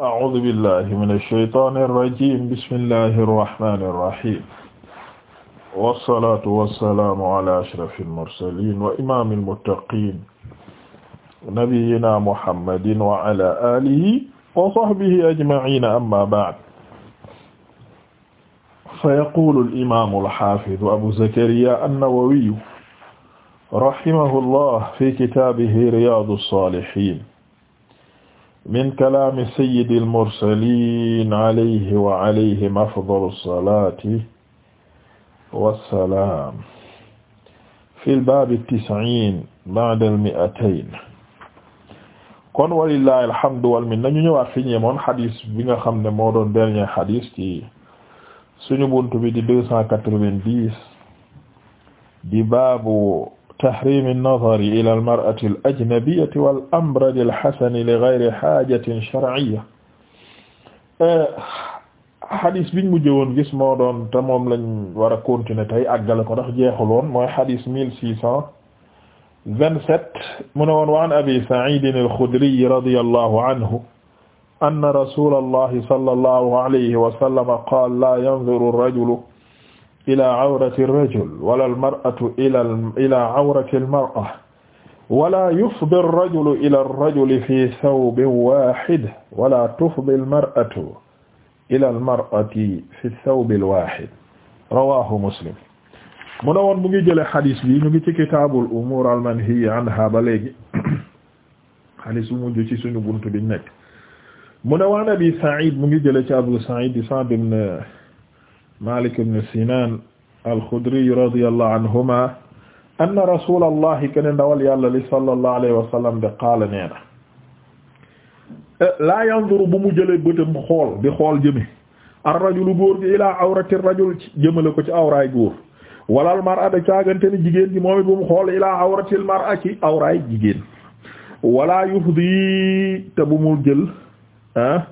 a'uuzu billahi mina shaytaani rajiim bismillahi rahmaani rahiim wassalaatu wassalaamu ala ashrafil mursaliin wa imaamil muttaqiin nabiyyinaa muhammadin wa ala aalihi wa sahbihi ajma'iin amma ba'd fa yaquulul imaamul haafidu abu zakariyaa an-nawawiyyu rahimahullah fi kitaabihi riyaadus saalihiin min kalaami sayyidil mursaliin alayhi wa alayhim afdalu salaati wa salaam fil baabi tis'iin ba'dal mi'atayn kon walillaahi alhamdu wal minna ñu ñëwaat fi ñeemoon xadis bi nga xam ne moo doon dernier xadis ci suñu buntu bi di deux cent quatre-vingt-dix di baabu. تحريم النظر إلى المرأة الأجنبية والأمرد الحسن لغير حاجة شرعية xadis biñ mujj woon gis moo doon te moom lañ war a continuer tey àggale ko ndax jeexul woon mooy xadis 1627 mu ne woon wa an Abi Sa'iid al-Xudri radiyallahu anhu anna rasuulallahi sallallahu alayhi wa sallam qaala laa yanzuru ar-rajulu ilaa awrati rajul wala almar'atu ilaa awrati almar'a wala yufdi arrajulu ila arrajuli fi thawbin waaxid wala tufdi almar'atu ila almar'ati fi thawbi alwaaxid rawaahu muslim mu ne woon mu ngi jëlee xadis bi ñu ngi ci kitaabul umuur almanhiyi anha ba léegi xadis bu mujj ci suñu bunt biñ nekk mu ne waan abi Saïd mu ngi jëlee ci Abu Saïd di Sa'd ibn Malik ibn Sinan al-Khudri radiyallahu anhuma anna rasulallahi kene ndawal yàlla li sallallahu alayhi wa sallam de qaala nee na laa yanzuru bu mu jëlee bëtam xool di xool jëme ar rajulu góor gi ilaa awrati rajul jëmale ko ci awraay góor walal mar'a da caagante ni jigéen ji moom it bu mu xool ilaa awratil mar'a ci awraay jigéen wala yufdi te bu mu jël ah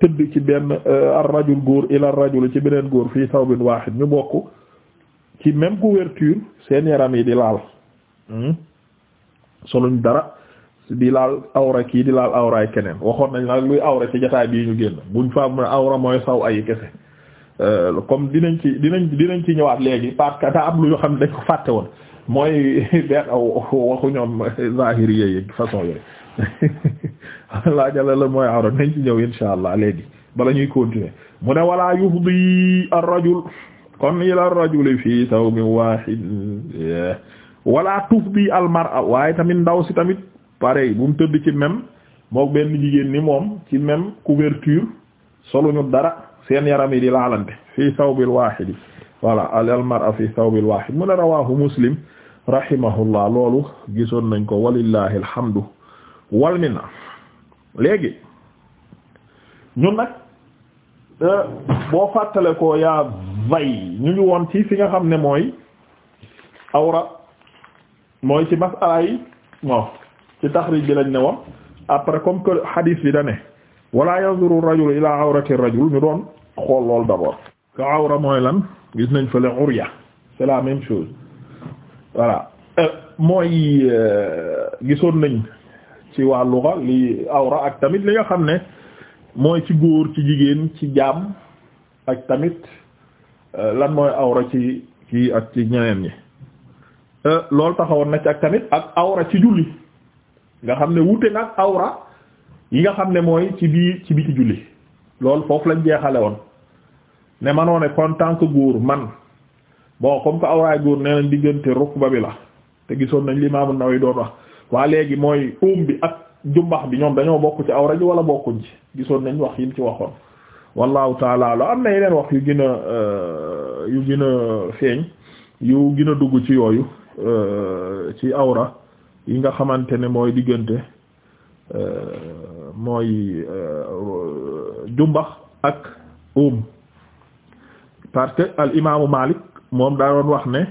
tëdd ci benn euh, ar rajul góor ila rajul ci beneen góor fii sawbin wahid ñu bokk ci même couverture seen yaram yi di laal hmm? soluñ dara di laal awra kii di laal awraay keneen waxoon nañ la luy awra ci jotaay bii ñu génn buñ fa mu ne awra mooy saw ay kese euh, comme dinañ ci dinañ dinañ ci ñëwaat léegi parce que daa am lu ñu xam ne dañ ko fàtte woon mooy benn waxu ñoom zahiri yeeg façon yooyu laajala la mooy awra nañ ci ñëw insha allah léegi bala ñuy continuer mu ne wala yufdi ar-rajul kon ila ar-rajuli fii thawbin wahid eh. wala tufdi al-mar'a waaye tamit ndaw si tamit pareil bu mu tëdd ci même mook benn jigéen ni moom ci même couverture soluñu dara seen yaram yi di laalante fii thawbil wahid wala al-mar'a fii thawbil wahid mu ne rawahu muslim rahimahullah loolu gisoon nañ ko walillahi alhamdu wal na léegi ñun nag euh, boo fàttale ko yaa vay ñu ngi woon ci fi nga xam ne mooy awra mooy ci masala yi waaw ci taxrij bi lañ ne woon après comme que hadith bi da ne wala yanzuru rajul ila awrati rajul ñu doon xool lool d'abord que awra mooy lan gis nañ fële urya c'est la même chose voilà euh, mooy euh, gisoon nañ ci waa luxa li awra ak tamit li nga xam ne mooy ci góor ci jigéen ci jaam ak tamit euh, lan mooy awra ci kii ak ci ñeneen ñi euh, loolu taxawoon na ci ak tamit ak awra ci julli nga xam ne wute nag awra yi nga xam ne mooy ci biir ci biti julli loolu foofu lañ jeexale woon ne manoo ne kon tant que góor man bon kom que awraay góor nee nañ diggante ba bi la te gisoon nañ li Imam An-Nawawi doon wax waa léegi mooy uum bi ak jumbax bi ñoom dañoo bokk ci awra ji wala bokkuñ ci gisoon nañ wax yim ci waxoon wallahu taala am na yeneen wax yu gën a euh, yu gën a feeñ yu gën a dugg ci yooyu euh, ci awra yi nga xamante ne mooy diggante euh, mooy jumbax ak uum parce que al imaamu Malik moom daa wax ne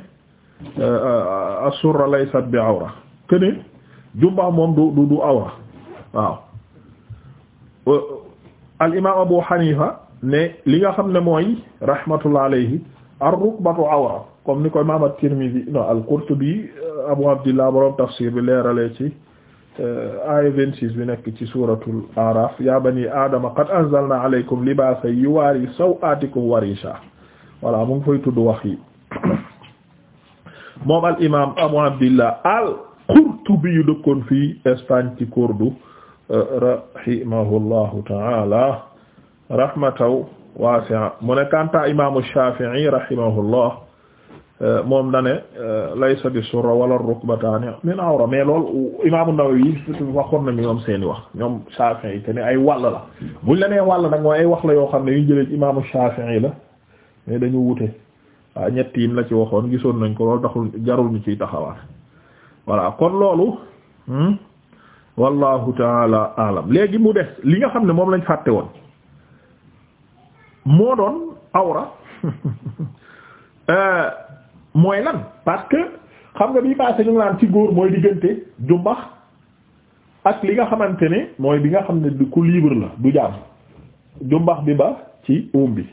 assurra laysat bi awra kene jubba moom du du du euh, Abu Hanifa ne li nga xam ne mooy rahmatullah alayhi ar-rukbatu awra comme ni ko imaam at-Tirmidhi non al-Qurtubi euh, Abu Abdillah tafsir bi leeralee ci euh, aaya 26 bi nekk ci suuratul A'raaf yaa banii aadama qad anzalnaa alaykum libaasan yuwaarii saw'aatikum wa riishan voilà mu ngi fay tudd wax yi moom bi yu dëkkoon fii Espagne ci Cordoue euh, rahimahullahu ta'ala rahmataw wasi'a mu ne kanta imaamu Shafi'i rahimahullah euh, moom da ne euh, laysa bi surra wala rukbataani min awra mais loolu imaamu Nawawi waxoon na mi ñoom seen wax ñoom Shafi'i te ne ay wàll la buñ la nee wàll nag mooy ay wax la yoo xam ne yu jëlee ci imaamu Shafi'i la mais dañu wute waaw yim la ci waxoon gisoon nañ ko loolu taxul jarul ñu ciy taxawaat voilà kon loolu hmm, wallahu taala alam léegi mu des li nga xam ne moom lañ fàtte woon moo doon awra euh, mooy lan parce que xam nga bii passé ñu naan ci góor mooy diggante jumbax ak li nga xamante ne mooy bi nga xam ne du ku libre la du jaam jumbax bi ba ci uum bi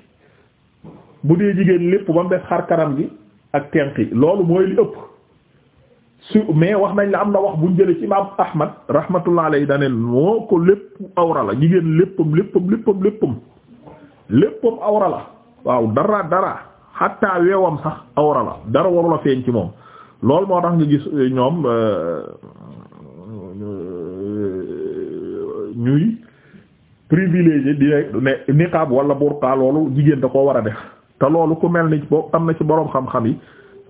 bu dee jigéen lépp ba mu des xar kanam gi ak tenq yi loolu mooy li ëpp su mais wax nañ la am na wax buñ jële ci imam ahmad rahmatullah alayhi dane moo ko lépp awra la jigéen léppam léppam léppam léppam léppam awra la waaw dara dara xatta weewam sax awra la dara warula feeñ ci moom loolu moo tax nga gis eh, ñoom eh, ñuy privilégié di ne niqaab wala burqa loolu jigéen da koo war a def te loolu ku mel ni bo am na ci boroom xam-xam yi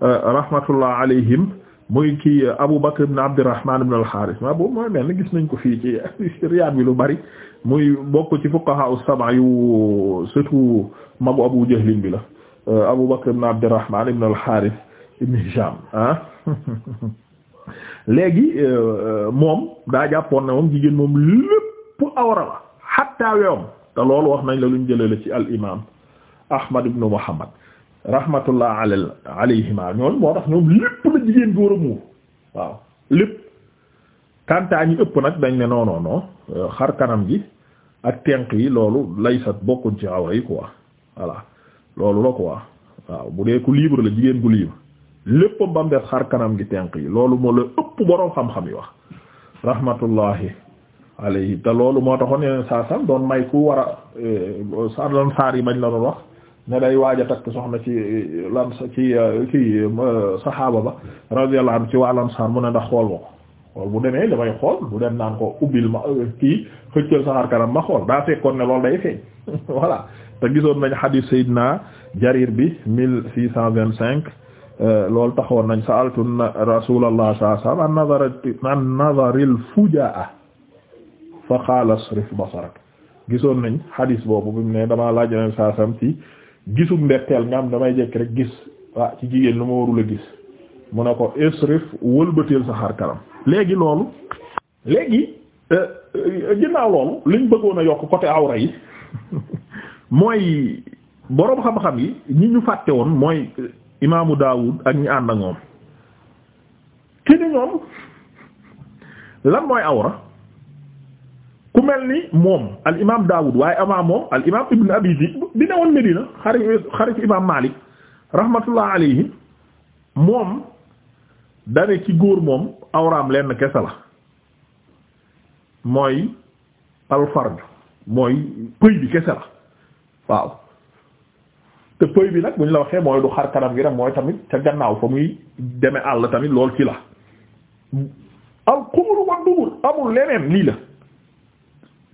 eh, rahmatullah alayhim muy kii Abu Bakr ibn Abdurrahman ibn al-Harith ma boobu mooy mel ni gis nañ ko fii ci Riyad bi lu bari muy bokk ci fuqaha as-sab'a yu surtout magu Abu Jahl bi la euh, Abu Bakr ibn Abdurrahman ibn al-Harith ibn Hisham ah. léegi euh, euh, moom daa jàppoon ne moom jigéen moom lépp awra la hatta weewam te loolu wax nañ la luñ jëlee la ci al imaam Ahmad ibn Muhammad rahmatullah alal alayhima ñooñu moo tax ñoom lépp la jigéen góor a muur waaw lépp kantaa ëpp nag dañ ne non non euh, xar kanam gi ak tenq yi loolu laysat bokkuñ ci awra yi quoi voilà loolu la quoi waaw bu dee ku libre la jigéen gu libre lépp ba mu xar kanam gi tenq yi loolu moo la ëpp boroom xam-xam yi wax rahmatullahi alayhi te loolu moo taxoon yeneen saa sam doon may ku war a sa euh, doon saar yi bañ la doon wax ne day waaja a takk soxna ci lan ci kii saxaaba ba radiyallahu anhu ci waa Ansaar mu ne ndax xool ma ko xool bu demee damay xool bu dem naan ko ubbil ma kii xëccal saxaar kanam ma xool daa fekkoon ne day feeñ voilà te gisoon nañ xadiis Seydina Jarir bi mille six cent vingt cinq euh, loolu taxoon nañ sa'altu Rasuulallah sallallahu alayhi wa sallam an nadhar an nadharil fujaa fa qaala asrif basarak gisoon nañ xadiis boobu bi mu damaa laaj Yonent sallallahu alayhi gisum mbetteel nga am damay jekk rek gis ah ci jigéen lu ma warul a gis mu ne ko isrif wëlbateel sa xar léegi loolu léegi euh, euh, ginnaaw loolu liñ bëggoon a yokk côté awra yi mooy boroom xam-xam yi ñi ñu fàtte woon mooy imaamu Daawud ak ñi ànd ak moom ki ni ñoom lan mooy awra ku mel ni moom al imaam Daawud waaye avant moom al imaam Ibn Abi Zi'b bi newoon Medina xarit imaam Maalik rahmatullah alayhi moom dane ci góor moom awraam lenn kese la mooy alfarj mooy pëy bi kese la waaw te pëy bi nag bu ñu la waxee mooy du xar kanam gi nag mooy tamit ca gannaaw fa muy deme àll tamit lool ci la al xubur wa dubur amul leneen lii la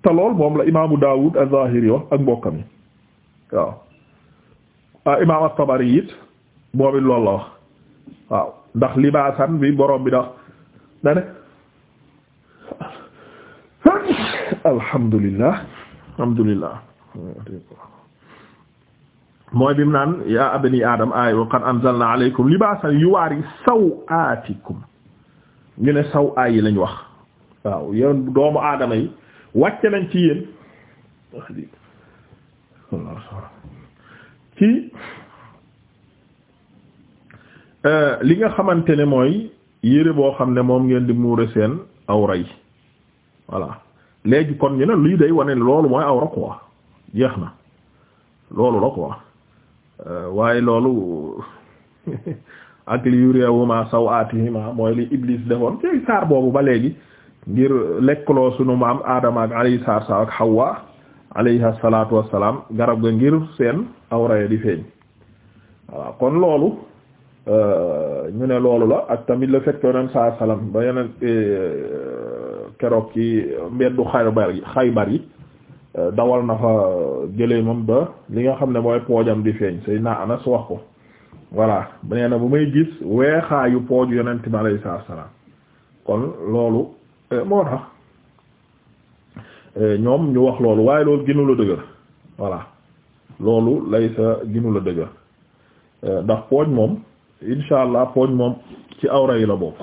te moom la imaamu Daawud az-Zahiri wax ak mbokkam yi ah, imaam at-Tabari moom it la wax ndax libaasan bi borom bi dax da ne alhamdulillah mooy bi mu naan yaa abani adam ay wa qad anzalna alaykum libaasan yuwaari sawaatikum ñu ne saw aay yi lañ wax waaw yéen doomu aadama yi wàcce nañ ci yéen ci euh, li nga xamante ne mooy yére boo xam ne moom ngeen di muure seen awra yi voilà léegi kon ñu ne lii day wane loolu mooy awra quoi jeex na loolu la quoi euh, waaye loolu ak li yuriyahuma saw aatihima mooy li Iblis defoon ci saar boobu ba léegi ngir lekkaloo sunu maam Adama ak alayhi salaam ak Hawa alayhi salaatu wassalaam garab ga ngir seen awra di feeñ waaw kon loolu euh, ñu ne loolu la ak tamit le fait que yoneen saa salaam ba yeneen euh, keroog ci mbeddu Xaybar yi Xaybar yi euh, dawal na fa gëléemam ba li nga xam ne mooy poojam di feeñ Seydina Anas wax ko voilà nee na bu may gis weexaayu pooju yonent bi alayhi salaam kon loolu Euh, moo tax euh, ñoom ñu wax loolu waaye loolu gënu la dëgër voilà loolu lay sa gënu la dëgër euh, ndax pooj moom insha allah pooj moom ci awra yi la bokk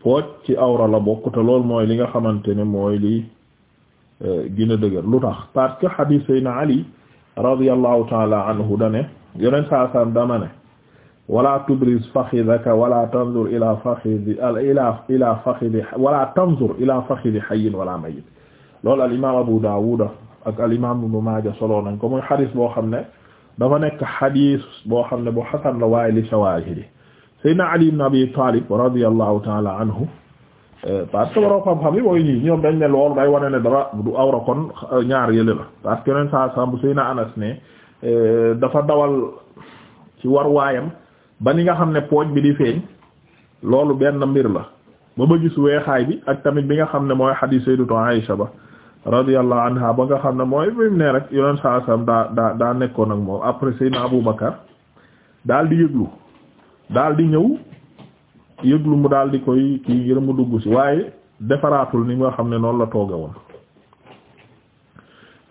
pooj ci awra la bokk te loolu mooy li nga xamante ne mooy li gën a dëgër lu tax parce que hadith sayna ali radiyallahu taala anhu dane yoneen saa san dama ne wala tubris fakhidaka wala tanzur ila fakhidi ila ila fakhidi wala tanzur ila fakhidi hayyin wala mayyit loolu al imam Abu Dawud ak al imam Ibn Majah solo nañ ko muy xadis boo xam ne dafa nekk xadis boo xam ne bu xasan la waaye li shawahidi Sayyidina Ali ibn Abi Talib radiyallahu ta'ala anhu eh, parce que waroo xam-xam yi mooy nii ñoom dañ ne loolu day wane ne dara du awra kon ñaar yële la parce que yeneen saa saa bu Sayyidina Anas ne eh, dafa dawal ci war waayam ba ni nga xam ne pooj bi di feeñ loolu benn mbir la ba ma gis weexaay bi ak tamit bi nga xam ne mooy xadiis sayyidatu Aisha ba radiyallahu anha ba nga xam ne mooy bi ne rek yoneen saa sallam daa daa daa nekkoon ak moom après sayyidna Abu Bakar daal di yëglu daal di ñëw yëglu mu daal di koy kii ngir mu dugg ci waaye defaraatul ni nga xam ne noonu la tooge woon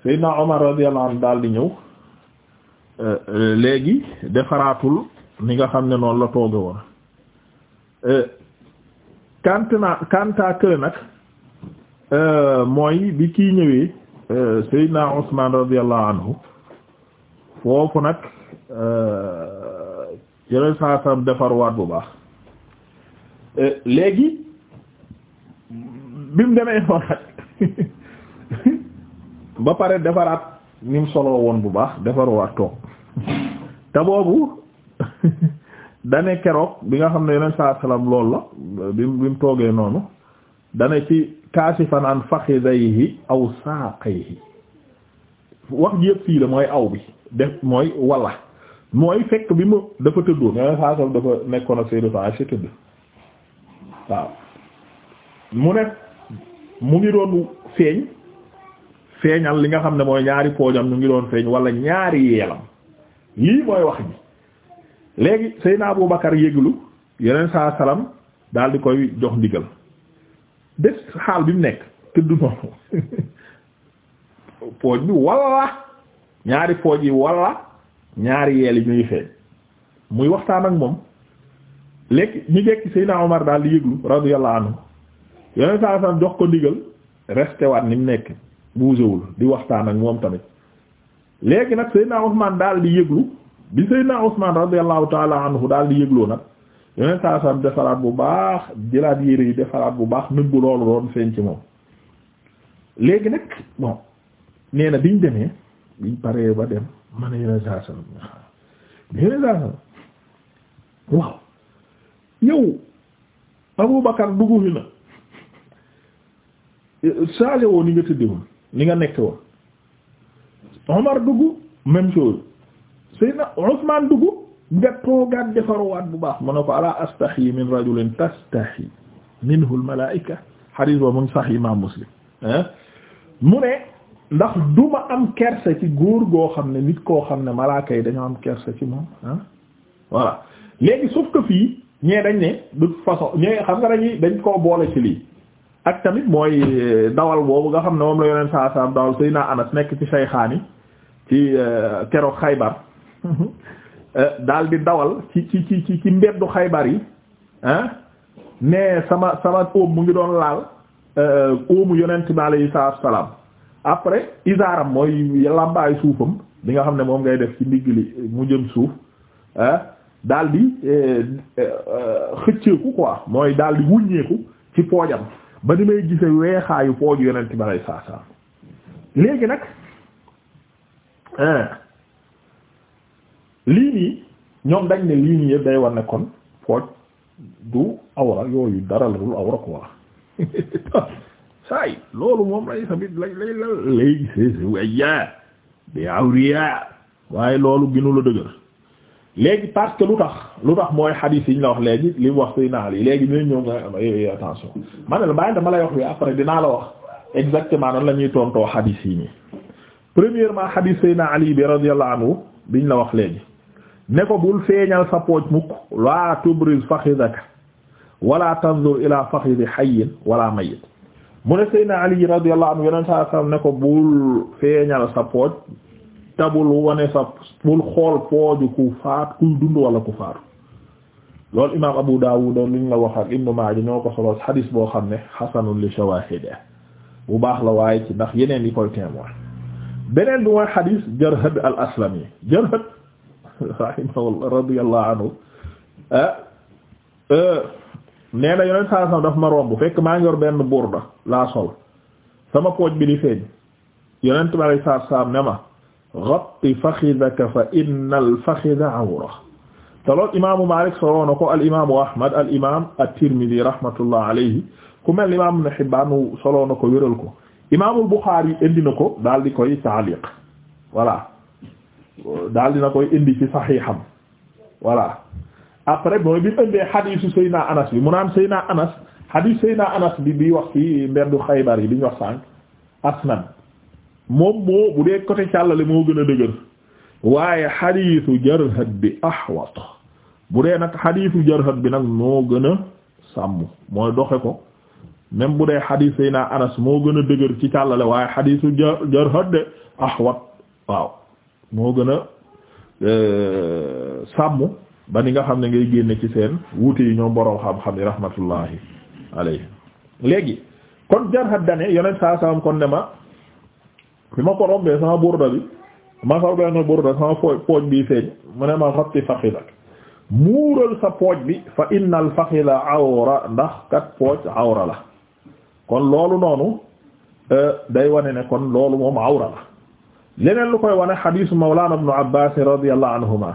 sayyidna Umar radiyallahu anhu daal di ñëw euh, euh, léegi defaraatul ni nga xam ne noonu la tooge woon kantna kanta kële nag euh, mooy bi kii ñëwee euh, Seydina Usman radiyallahu anhu foofu nag euh, yeneen saa sam defarwaat bu baax léegi bi mu demee noonu ba pare defaraat ni mu soloo woon bu baax defarwaat toog te boobu dane keroog bi nga xam ne yeneen saa salaam lool la bi bi mu toogee noonu dane ci kaasifan an fakhidayhi aw saaqayhi wax ji yëpp fii la mooy aw bi def mooy walla mooy fekk bi mu dafa tëddoon yeneen saa salaam dafa nekkoon ak Sayyidatu tëdd waaw mu ne mu ngi doon feeñ feeñal li nga xam ne mooy ñaari poojam ñu ngi doon feeñ wala ñaari yeelam lii mooy wax ji léegi Seydina Abu Bakar yëglu yeneen saa salaam daal di koy jox ndigal des xaal bi mu nekk tëdd noonu pooj bi walla ñaari pooj yi walla ñaari yeel yi ñuy feeñ muy waxtaan ak moom léegi ñu jekki Seydina Omar daal di yëglu radiyallahu anhu yeneen saa salaam jox ko ndigal resté waat ni mu nekk buusewul di waxtaan ak moom tamit léegi nag Seydina Usmaan daal di yëglu bi Seydina Usman radiyallahu taala anhu daal di yégloo nag yeneen saa sam defaraat bu baax jëlaat yére yi defaraat bu baax même bu loolu doon feeñ ci moom léegi nag bon nee na biñ demee biñ paree ba dem man a yeneen saa sam yeneen saa sam waaw yow Abubakar dugg fi na changé woo ni nga tëddewoon ni nga nekk woon Omar dugg même chose Seydina Usmaan dugg nga toogaat defaruwaat bu baax mu ne ko alaa astahi min rajulin tastahi minhu al malaa'ika xadiis ba mu sax imaam Muslim mu ne ndax am kersa ci góor goo xam ne nit koo xam ne malaaka yi dañoo am kersa ci moom ah voilà léegi sauf que fii ñee dañ ne de toute façon ñee xam nga dañuy dañ koo boole ci lii ak tamit mooy euh, dawal boobu nga xam ne moom la yoneen saa saa dawal Seydina Anas nekk ci say sayxaani ci euh, keroog Xaybar Euh, daal di dawal ci ci ci ci mbeddu xaybar yi ne sama sama óom mu ngi doon laal euh, óomu yonent bi alayhi salaatu wa salaam après isaaram mooy làmbaayu suufam bi nga xam ne moom ngay def ci ndigg li mu jëm suuf dal di euh, xëcceeku quoi mooy daal di wuññeeku ci poojam ba ni may gise weexaayu pooju yonent bi alayhi salaatu wa léegi nag lii nii ñoom dañ ne lii nii yëpp day war ne kon pooj du awra yooyu dara la dul awra ko wala saay loolu moom lay tamit lay lay la lay sesi wayya bi awriya waaye loolu gënu la dëgër léegi parce que lu tax lu tax mooy xadiis yi ñu la wax léegi li mu wax si naal yi léegi dinañ ñëw nga eh, eh, eh, attention ma ne la bàyyi dama lay wax bi après dinaa la wax exactement nan la ñuy tontoo xadiis yi nii premièrement xadiis Seydina Ali bi radiyallahu anhu biñ la wax léegi ne ko bul feeñal sa pooj mukk laa tubriz fakhidaka wala tanzur ila fakhidi hayyin wala mayyit mu ne Seydina Ali radiyallahu anhu yeneen saa sallam ne ko bul feeñal sa pooj tabul wane sa bul xool pooju ku faat kuy dund wala ku faatu loolu imaam Abu Dawud liñ la wax ak Ibnu Maaja ñoo ko solo xadis boo xam ne xasanun li shawahide bu baax la waaye ci ndax yeneen yi koy témoin beneen bi mooy xadis Jarhad al-Aslami Jarhad rahimahullah radiyallahu anhu ah, ah, nee na yonent saa sam daf ma romb fekk maa ngi yor benn burda laa sol sama pooj bi di feeñ yonent bi alay saa saam ne ma ghatti fakhidaka fa inna al fakhidha awra te loolu imaamu Maalik soloo na ko al imaamu Ahmad al imaam at-Tirmidhi rahmatullah alayhi ku mel imaam Ibn Hibbaan soloo na ko wéral ko imaamul Buxaari indi na ko daal di koy taaliq voilà daal dina koy indi ci saxiixam voilà après mooy bi mu indee xadiisu Seyna Anas bi mu naan Seyna Anas xadiis Seyna Anas bi bi wax ci mbeddu Xaybar yi bi ñu wax sànq asnad moom moo bu dee côté càllale moo gën a dëgër waaye xadiisu Jarhad bi ahwat bu dee nag xadiisu Jarhad bi nag moo gën a sàmm mooy doxe ko même bu dee xadiis naa Anas moo gën a dëgër ci càllale waaye xadiisu Jarhad de ahwat waaw moo gën a euh, sàmm ba ni nga xam ne ngay génne ci seen wuute yi ñoom boroom xam-xam yi rahmatullahi alayhi léegi kon jarhat dane yonent saa saam kon ne ma bi ma ko rombee sama burda bi ma saw benn bi feeñ mu ne ma xotti faqidak muural sa pooj bi fa innal faxila awra ndax kat pooj awra la kon loolu noonu euh, day wane ne kon loolu moom awra la leneen lu koy wane xadiisu mawlaana ibnu abbaas radiyallahu anhuma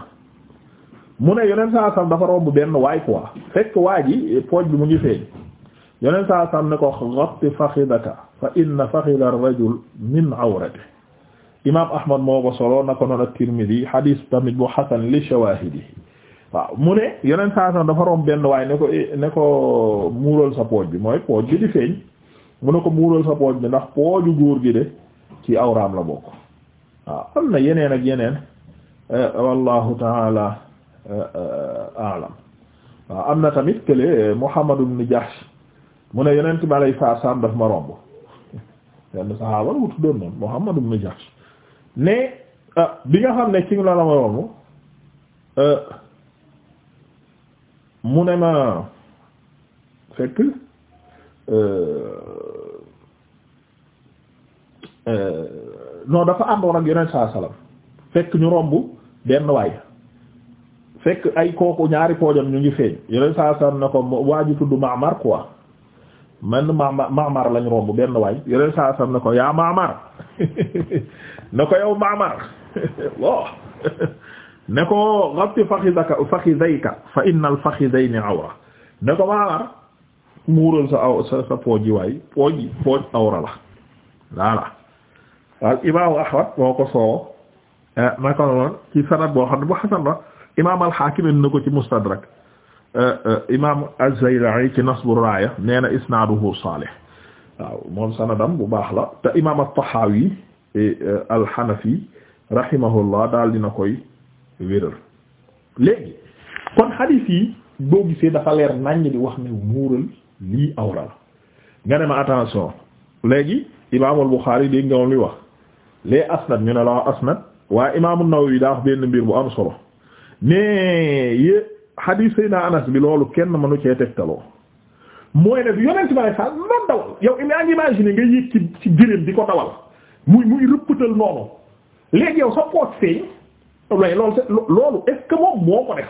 mu ne yeneen saa sam dafa romb benn waay quoi fekk waa ji pooj bi mu ngi feeñ yonent saa sam ne ko xatti faxidaka fa inna faxida ar-rajul min awrati imaam ahmad moo ko solo na ko noon ak tirmidi xadiis tamit bu xasan li shawaahidihi waaw mu ne yonent saa sam dafa romb benn waay ne ko eh, ne ko muural sa pooj bi mooy pooj bi di feeñ mu ne ko muural sa pooj bi ndax pooju góor gi de ci awraam la bokk waaw am na yeneen ak yeneen eh, wallahu taala aalam eh, eh, waaw am na tamit kële Muhammad ibn Jahsh mu ne yeneen ma lay fa sam daf ma romb yenn saxaaba wutu doon noonu Muhammad ah, bi nga xam ne ci la la ma romb mu ne ma fekk non dafa àndoon ak yeneen saa salaam fekk ñu romb benn waay fekk ay kooku ñaari poojam ñu ngi feeñ yeneen saa salaam ne ko waa ji tudd Maamar quoi man Maamar Maamar lañ romb benn waay yeneen saa salaam ne ko yaa Maamar ne ko yow Maamar bon ne ko ghatti fakhidaka fakhidayka fa innal fakhidayni awra ne ko Maamar muural sa aw sa waay pooj pooj awra la voilà. al imaamu Ahmad moo ko soowo naka eh, noonu ci sanad boo xam ne bu xasan la imaam al-Hakim na ko ci Mustadrak eh, eh, imaam az-Zayla'i ci Nasbu Raaya nee isnaaduhu saalih waaw moom sanadam bu baax la te imaam at-Tahawi al daal dina koy wéral léegi kon hadith yi boo gisee dafa leer naññ di wax ne muural lii awra nga ne ma attention léegi imaamul Bukhari dégg nga moom li wax les asnad ñu ne la asnad waaye imaam an-Nawawi daa wax benn mbir bu am solo ne yé hadith sayna Anas bi loolu kenn mënu cee tegtaloo mooy def yonent bi sallallahu alayhi man dawal yow yaa ngi nga yéeg ci ci di ko dawal muy muy rëppatal noonu léegi yow sa poot feeñ loolu loolu moo ko def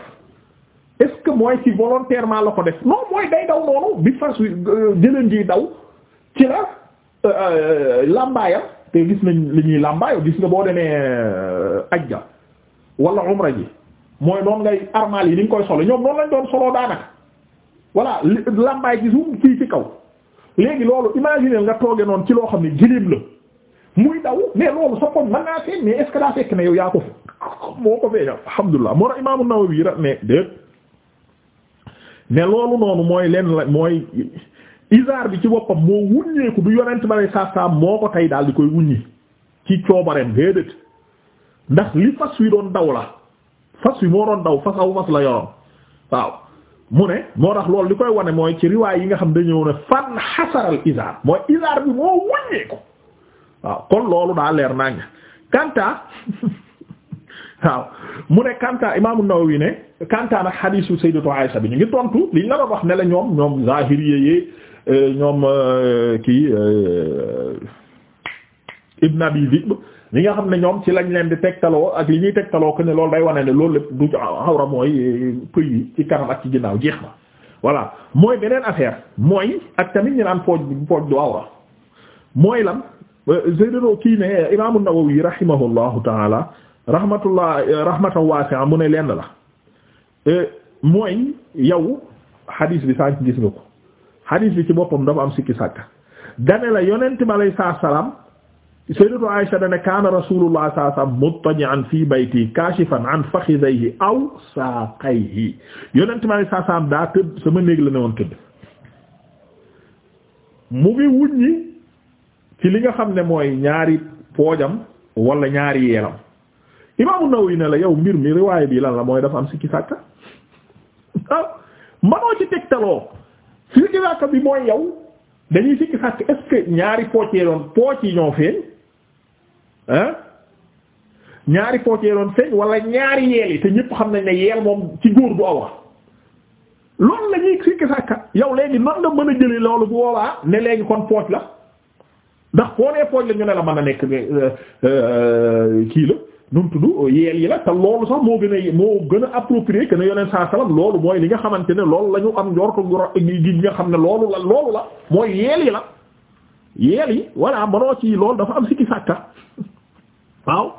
est-ce ci volontairement la ko def non mooy day daw noonu bi fas jëleen euh, ji daw ci la euh, euh, lambaayam te gis nañ li ñuy làmbaayoo gis nga boo demee euh, ajja wala umra ji mooy noonu ngay armal yi ni koy solo ñoom noonu lañ doon solo daanaka voilà làmbaay ci suuf kii ci kaw léegi loolu imaginer nga tooge noonu ci loo xam ne giléem la muy daw mais loolu sa koñ mën naa feeñ mais est daa fekk na yow yaa ko fi moo ko feeñal alhamdulilah moo tax Imaamu Nawawi ra ne déet mais loolu noonu mooy leen la mooy isaar bi ci boppam moo wuññeeku du yonent ba ne saa saa moo ko tey daal di koy wuññi ci coobareem déedéet ndax li fas wi doon daw la fas wi moo doon daw fas aw fas la yoroon waaw mu ne moo tax lool li koy wane mooy ci riwaay yi nga xam dañoo ne fan xasaral isaar mooy isaar bi moo wuññeeku waaw kon loolu daa leer naa nga kanta waaw mu ne kanta imaamu Nawawi ne kanta nag xadiisu sayyidatu Aisha bi ñu ngi tontu liñ la doon wax ne ñoom ñoom ñoom euh, kii euh, Ibn Abi Dhib ñi nga xam ne ñoom ci lañ leen di tegtaloo ak li ñuy tegtaloo que ne loolu day wane ne loolu lépp du awra mooy euh, pëy yi ci kanam ak ci ginnaaw jeex na voilà mooy beneen affaire mooy ak tamit ñu naan pooj pooj du awra mooy lan Seydou kii ne Imaamu Nawawi rahimahullahu taala rahmatullah rahmatan waasi'a mu ne lenn la mooy yow hadis bi sànq gis nga ko xadiis bi ci boppam dafa am sikki sàkk dane la yonent bi alayhi salaam sayyidatu Aisha dane kaana rasulullah sallallahu alayhi wasallam muttaji'an bayti kaashifan an fakhidhayhi aw saaqayhi yonent bi alayhi salaam daa tëdd sama néeg la ne woon tëdd mu ngi wuññi ci li nga xam ne mooy ñaari poojam walla ñaari yeelam imaamu Nawawi ne la yow mbir mi riwaay bi lan la mooy dafa am sikki sàkk ah, manoo ci tegtaloo sikki sàkk bi mooy yow dañuy sikki sàkk est ñaari pooc yee doon pooc yi ñoo feeñ ah ñaari pooc yee doon feeñ wala ñaari yeel yi te ñëpp xam nañ ne yeel moom ci góor du awra loolu la ñuy sikki sàkk yow léegi nan nga mën a jëlee loolu bu boobaa ne léegi kon pooc la ndax boo nee pooc la ñu ne la mën a nekk euh, euh, kii la. nu mu yeel yi la te loolu sax moo gën a moo gën a approprié yoneen saa salam loolu mooy li nga xamante ne loolu la ñu am njortu gi nga xam ne loolu la la mooy yeel yi la yeel yi voilà mënoo ci loolu dafa am sikki sàkka waaw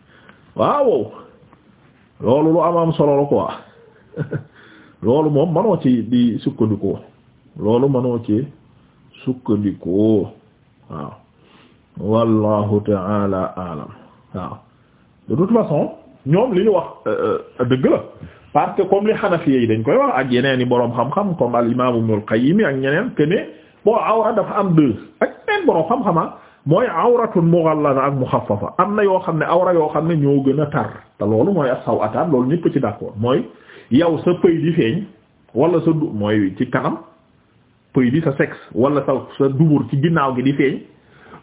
waaw loolu lu am am solo la quoi loolu moom mënoo ci di sukkandikoo loolu mënoo ci sukkandikoo waaw wallahu ta'ala alam waaw de toute façon ñoom li ñu wax euh, euh, dëgg la parce que comme li Hanafi yi dañ koy wax ak yeneen i boroom xam-xam comme al imam Ibnul Qayyim ak ñeneen que ne bon awra dafa am deux ak yeneen boroom xam-xama ah, mooy awratun mughallaza ak mukhaffafa am na yoo xam ne awra yoo xam ne ñoo gën a tar te loolu mooy ak saw ataan loolu ñëpp ci d'accord mooy yow sa pëy di feeñ wala sa du mooy ci kanam pëy di sa sexe wala sa sa dubur ci ginnaaw gi di feeñ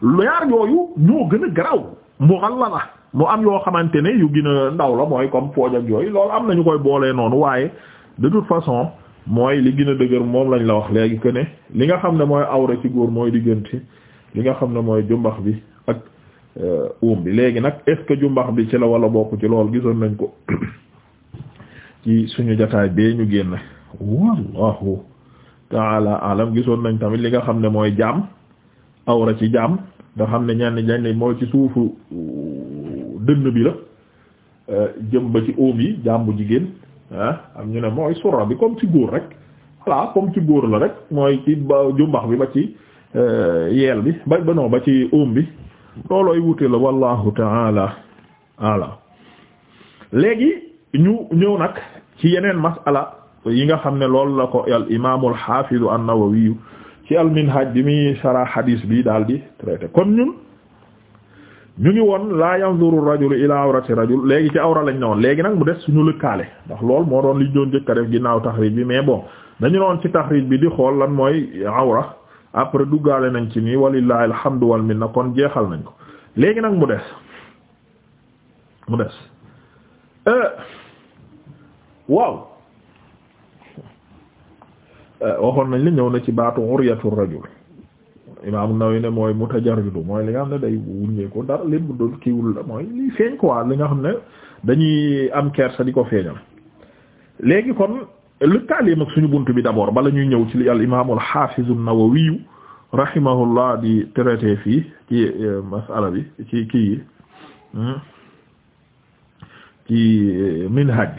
ñaar yooyu gën a garaaw mughallaza mu am yoo xamante ne yu gina ndaw la mooy comme fooj ak yooyu loolu am na ñu koy boolee noonu waaye de toute façon mooy li gina a dëgër moom lañ la wax léegi que ne li nga xam ne mooy awra ci góor mooy diggante li nga xam ne mooy jumbax bi ak euh, uum bi léegi nag est jumbax bi ci la wala bokk ci loolu gisoon nañ ko ci suñu jotaay bee ñu génn wallahu taala alam gisoon nañ tamit li nga xam ne mooy jaam awra ci jaam nga xam ne ñenn ñenn mooy ci suufu dënn bi la euh, jëm ba ci óom yi jàmbu jigéen ah am ñu ne mooy sura bi comme ci góor rek voilà comme ci góor la rek mooy ci ba jumbax bi ba ci euh, yeel bi ba ba ba ci óom bi loolooy wute la wallahu taala ala léegi ñu ñëw nag ci yeneen masala yi nga xam ne loolu la ko al imaamul xaafidu an-Nawawi ci al minhaj bi muy sara xadiis bi daal di traité kon ñun ñu ngi won laa yanzuru rajul ila awrati rajul léegi ci awra lañ ne woon léegi nag mu des suñu lëkkaale ndax lool moo doon liñ doon jëkka def ginnaaw taxriij bi mais bon dañu noon ci taxriij bi di xool lan mooy awra après duggaale nañ ci nii walillahi alhamdu wal minna kon jeexal nañ ko léegi nag mu des mu des euh, waaw euh, waxoon nañ la ñëw na ci baatu uryatur rajul Imaam An-Nawawi ne mooy mutajarridu mooy li nga xam ne day wuññee ko dara bu doon kiiwul la mooy liy feeñ quoi li nga xam ne dañuy am kersa di ko feeñal léegi kon lëkkaaleem ak suñu bunt bi d'abord bala ñuy ñëw ci li al Imaam al-Haafiz An-Nawawi rahimahullah di traité fii ci euh, masala bi ci kii yi hmm, ci euh, minhaj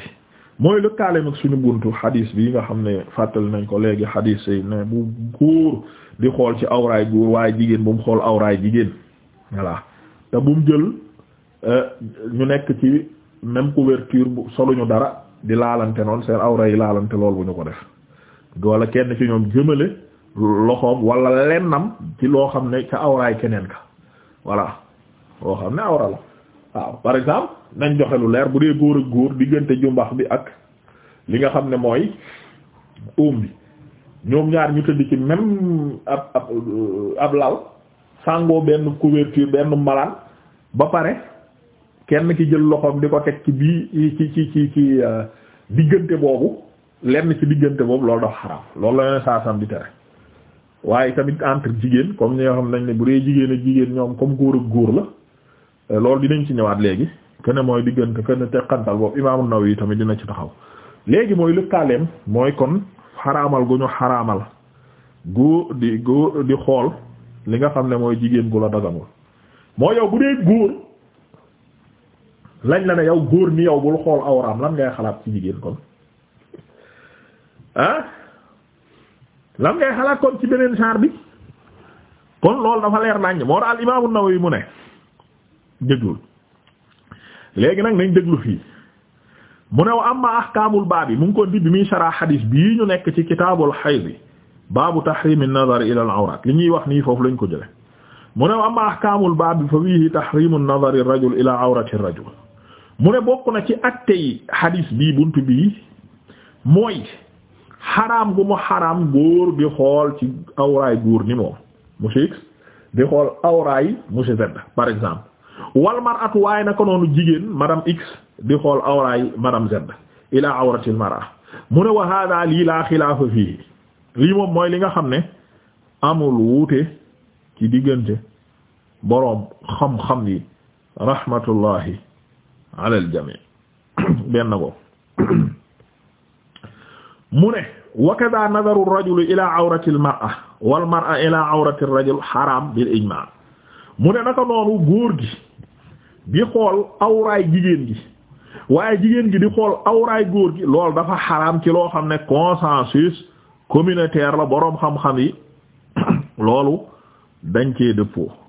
mooy lëkkaaleem ak suñu buntu xadis bi nga xam ne fàttali nañ ko léegi xadis yi ne bu góor di xool ci awraay góor waaye jigéen bu mu xool awraay jigéen voilà te bu mu jël euh, ñu nekk ci même couverture bu soluñu dara di laalante noonu seen awra yi laalante lool bu ñu ko def wala kenn ci ñoom jëmale loxoom wala lennam ci loo xam ne ca awraay keneen ka voilà loo xam ne awra waaw par exemple nañ joxe lu leer bu dee góor ak góor diggante jumbax bi ak li nga xam ne mooy óom bi ñoom ñaar ñu tëdd ci même ab ab euh, ab lal sàngoo benn couverture benn malaan ba pare kenn ki jël loxoom di ko teg ci bii ci ci ci ci euh, diggante boobu lenn ci diggante boobu loolu dafa xaraam loolu la yeneen saa sam di tere waaye tamit entre jigéen comme ñi nga xam nañ ne bu dee jigéen ak jigéen ñoom comme góor ak góor la loolu dinañ ci ñëwaat léegi kene mooy diggante kene teqantal boobu imaamu yi tamit dina ci taxaw léegi mooy lëkkaaleem mooy kon xaraamal gu ñu xaraamal góor di góor di xool li nga xam ne mooy jigéen gu la dagamul moo yow bu dee góor lañ la ne yow góor ni yow bul xool awraam lan ngay xalaat ci jigéen kon ah lan ngay xalaat kon ci beneen saar bi kon loolu dafa leer nañ moo tax al imaamu yi mu ne jëjul léegi nag nañ déglu fii mu ne wa amma ahkaamul baab yi mu ko di bi muy sara bii ñu nekk ci kitaabul xayd baabu tahrim an-nazar ila al li ñuy wax nii foofu lañ ko jële mu ne wa amma ahkaamul baab yi fa fiihi tahrim an-nazar ar-rajul ila awrati ar-rajul mu ne bokk na ci atte yi xadiis bii buntu bii mooy xaraam gu mu xaraam góor di xool ci awraay guur ni moom monsieur X di xool awraay monsieur Z par exemple wal mar'atu waaye naka noonu jigéen madame x di xool awraay madame z ila awratil mar'a mu ne wa hada lii laa xilaafa fii lii moom mooy li nga xam ne amul wuute ci diggante boroom xam-xam yi rahmatullahi ala al jami benn ko mu ne wa kada nadaru rajuli ila awrati al mar'a wal mar'a ila awrati ar rajul haram bil ijma mu ne naka noonu góor gi di xool awraay jigéen gi waaye jigéen gi di xool awraay góor gi loolu dafa xaraam ci loo xam ne consensus communautaire la boroom xam-xam yi loolu dañ cee dëppoo